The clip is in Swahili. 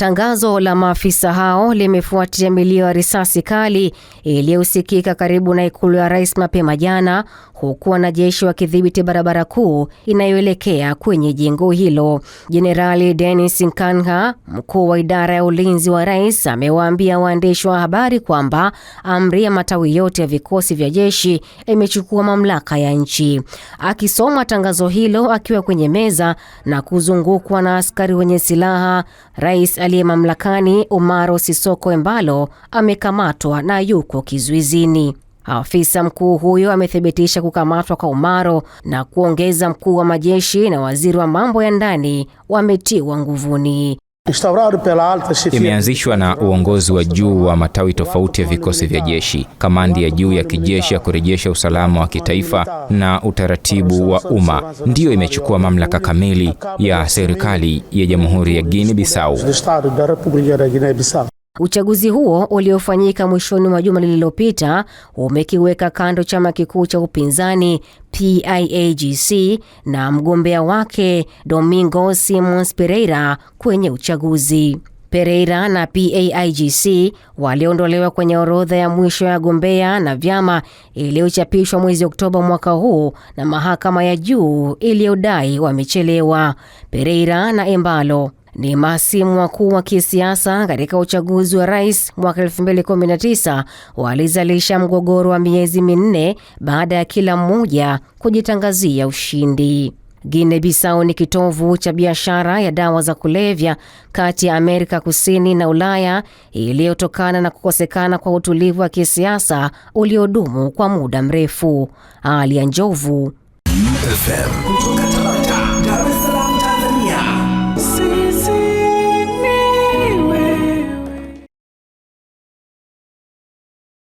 Tangazo la maafisa hao limefuatia milio ya risasi kali iliyosikika karibu na ikulu ya rais mapema jana, huku wanajeshi wakidhibiti barabara kuu inayoelekea kwenye jengo hilo. Jenerali Denis Nkanka, mkuu wa idara ya ulinzi wa rais, amewaambia waandishi wa habari kwamba amri ya matawi yote ya vikosi vya jeshi imechukua mamlaka ya nchi. Akisoma tangazo hilo akiwa kwenye meza na kuzungukwa na askari wenye silaha, rais aliye mamlakani Umaro Sisoko Embalo amekamatwa na yuko kizuizini. Afisa mkuu huyo amethibitisha kukamatwa kwa Umaro na kuongeza mkuu wa majeshi na waziri wa mambo ya ndani wametiwa nguvuni imeanzishwa na uongozi wa juu wa matawi tofauti ya vikosi vya jeshi, kamandi ya juu ya kijeshi ya kurejesha usalama wa kitaifa na utaratibu wa umma, ndiyo imechukua mamlaka kamili ya serikali ya Jamhuri ya Guinea Bissau. Uchaguzi huo uliofanyika mwishoni mwa juma lililopita umekiweka kando chama kikuu cha upinzani PIAGC na mgombea wake Domingo Simons Pereira kwenye uchaguzi. Pereira na PAIGC waliondolewa kwenye orodha ya mwisho ya gombea na vyama iliyochapishwa mwezi Oktoba mwaka huu na mahakama ya juu iliyodai wamechelewa. Pereira na Embalo ni masimu wakuu wa kisiasa katika uchaguzi wa rais mwaka 2019 walizalisha mgogoro wa miezi minne baada ya kila mmoja kujitangazia ushindi. guine Bisau ni kitovu cha biashara ya dawa za kulevya kati ya Amerika Kusini na Ulaya iliyotokana na kukosekana kwa utulivu wa kisiasa uliodumu kwa muda mrefu. Hali ya njovu FM.